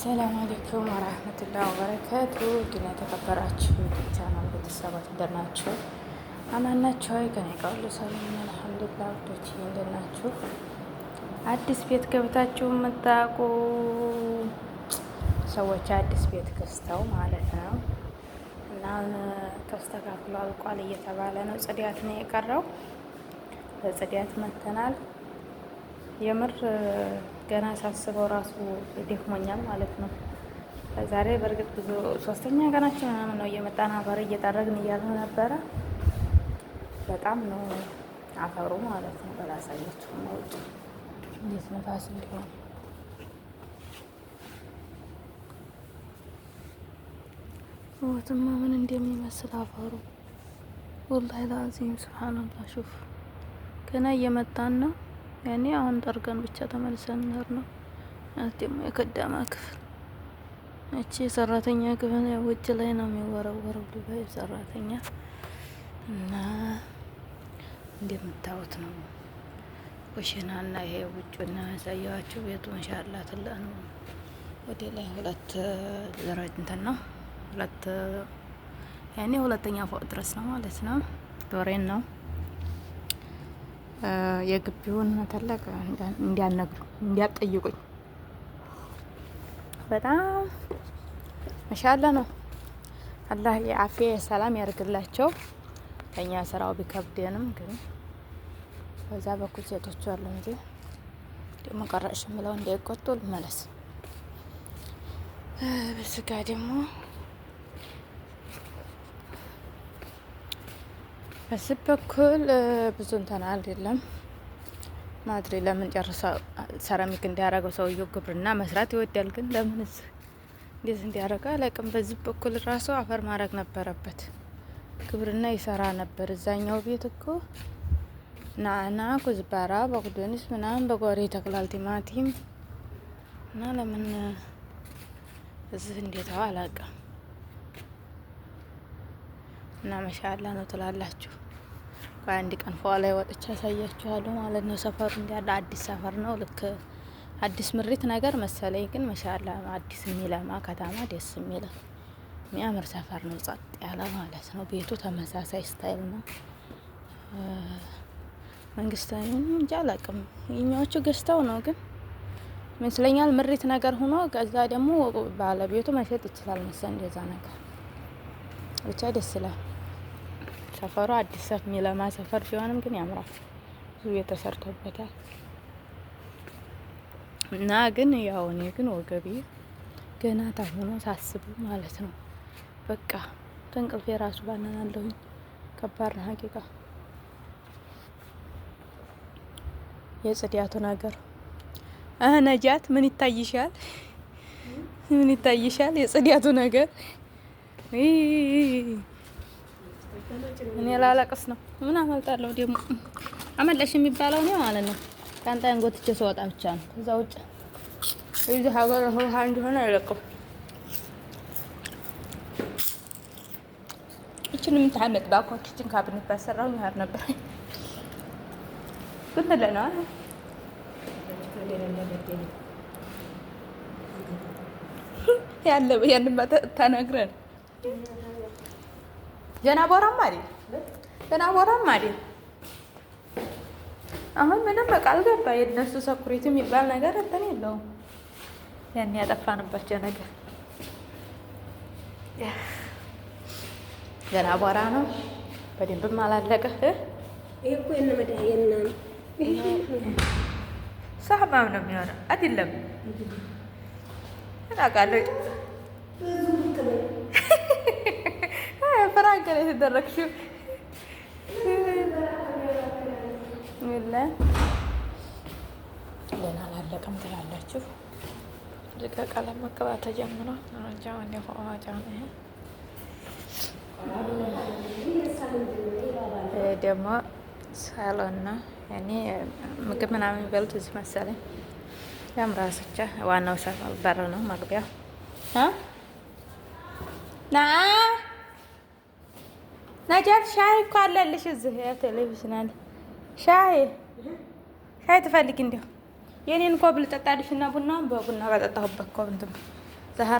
አሰላሙ አለይኩም ወረህመቱላሂ ወበረካቱ። ግን የተከበራችሁ የቻናል ቤተሰቦች እንደት ናችሁ? አማን ናችሁ? ጋር ሁሉ ሰላም አልሐምዱሊላህ። ውዶች እንደት አዲስ ቤት ገብታችሁ የምታውቁ ሰዎች አዲስ ቤት ገዝተው ማለት ነው እና ተስተካክሎ አልቋል እየተባለ ነው። ጽዳት ነው የቀረው። በጽዳት መተናል የምር ገና ሳስበው ራሱ ደክሞኛል ማለት ነው። ዛሬ በእርግጥ ብዙ ሶስተኛ ቀናችን ምናምን ነው እየመጣን አፈር እየጠረግን እያለ ነበረ። በጣም ነው አፈሩ ማለት ነው። በላሳያችሁ ውጭ እንዴት ነፋስ እንዲሆን ወትማ ምን እንደሚመስል አፈሩ ወላሂ ላዚም ስብሓንላ ሹፍ ገና እየመጣን ነው ያኔ አሁን ጠርገን ብቻ ተመልሰን እንሄድ ነው። ናት ደግሞ የከዳማ ክፍል እቺ የሰራተኛ ክፍል ውጭ ላይ ነው የሚወረወረው። ዱባይ ሰራተኛ እና እንደምታዩት ነው ኩሽና እና ይሄ ውጭ ውጭና ያሳየኋችሁ ቤቱ እንሻላ ትለ ነው። ወደ ላይ ሁለት ደረጃ እንትን ነው ሁለት ያኔ ሁለተኛ ፎቅ ድረስ ነው ማለት ነው። ዶሬን ነው የግቢውን መተለቅ እንዲያነግሩ እንዲያጠይቁኝ በጣም መሻለ ነው። አላህ የአፌ የሰላም ያርግላቸው። እኛ ስራው ቢከብድንም ግን በዛ በኩል ሴቶቹ አሉ እንጂ ደግሞ ቀረሽ ብለው እንዳይቆጡ ልመለስ በስጋ ደግሞ በዚህ በኩል ብዙ እንትን አይደለም። ማድሪ ለምን ጨርሰ ሰራሚክ እንዲያረገው ሰውየው ግብርና መስራት ይወዳል፣ ግን ለምን እንዴት እንዲያረገ አላውቅም። በዚህ በኩል ራሱ አፈር ማድረግ ነበረበት። ግብርና ይሰራ ነበር። እዛኛው ቤት እኮ ናና ኩዝባራ በኩዶንስ ምናምን በጓሬ ተክላል ቲማቲም እና ለምን እዚህ እንዴት አላውቅም። እና መሻላ ነው ትላላችሁ። ከአንድ ቀን ፏ ላይ ወጥቼ ያሳያችኋለሁ ማለት ነው። ሰፈሩ እንዳለ አዲስ ሰፈር ነው። ልክ አዲስ ምሪት ነገር መሰለኝ፣ ግን መሻላ አዲስ የሚለማ ከተማ ደስ የሚለ የሚያምር ሰፈር ነው። ጸጥ ያለ ማለት ነው። ቤቱ ተመሳሳይ ስታይል ነው። መንግስታዊ እንጂ አላውቅም። የኛዎቹ ገዝተው ነው ግን ይመስለኛል ምሪት ነገር ሆኖ ከዛ ደግሞ ባለቤቱ መሸጥ ይችላል መሰል እንደዛ ነገር ብቻ ደስ ይላል። ሰፈሩ አዲስ ሰፍ የሚለማ ሰፈር ቢሆንም ግን ያምራል። ብዙ የተሰርቶበታል እና ግን ያው እኔ ግን ወገቤ ገና ታሆኖ ሳስቡ ማለት ነው በቃ ከእንቅልፌ የራሱ ባናናለሁኝ። ከባድ ነው ሀቂቃ የጽዳቱ ነገር ነጃት ምን ይታይሻል? ምን ይታይሻል? የጽዳቱ ነገር እኔ ላለቅስ ነው። ምን አመልጣለሁ ደግሞ አመለሽ የሚባለው እኔ ማለት ነው። ቃንጣዬን ጎትቼ ስወጣ ብቻ ነው። እዛ ውጭ እዚህ ሀገር ውሃ እንዲሆነ አይለቅም። እችን የምታመጥ ባኮ ኪችን ካብኔት ባሰራሁኝ ያህል ነበር ግን ለነዋ ያለ ያንማ ተናግረን ጀናቦራም አይደል ጀናቦራም አይደል። አሁን ምንም በቃ አልገባ የነሱ ሰኩሪቲ የሚባል ነገር እንትን የለውም። ያን ያጠፋንባቸው ነገር ገና አቧራ ነው። በደንብም አላለቀ። ሳህማም ነው የሚሆነው አይደለም አቃለሁ እንድንፈራገር የተደረግሽው ገና አላለቀም ትላላችሁ። እዚህ ጋር ቀለም መቀባት ተጀምሯል። አጃ ወደ ዋጫ ይሄ ደግሞ ሳሎን ነው። ያኔ ምግብ ምናምን የሚበሉት እዚህ መሰለኝ። ያም ራሶቻ ዋናው በር ነው መግቢያው ና ነጃት ሻይ እኮ አለልሽ እዚህ ቴሌቪዥን አለ። ሻይ ሻይ ትፈልጊ? እንዲሁ የኔን ኮብል ጠጣልሽ እና ቡናውን በቡና በጠጣሁበት ኮብል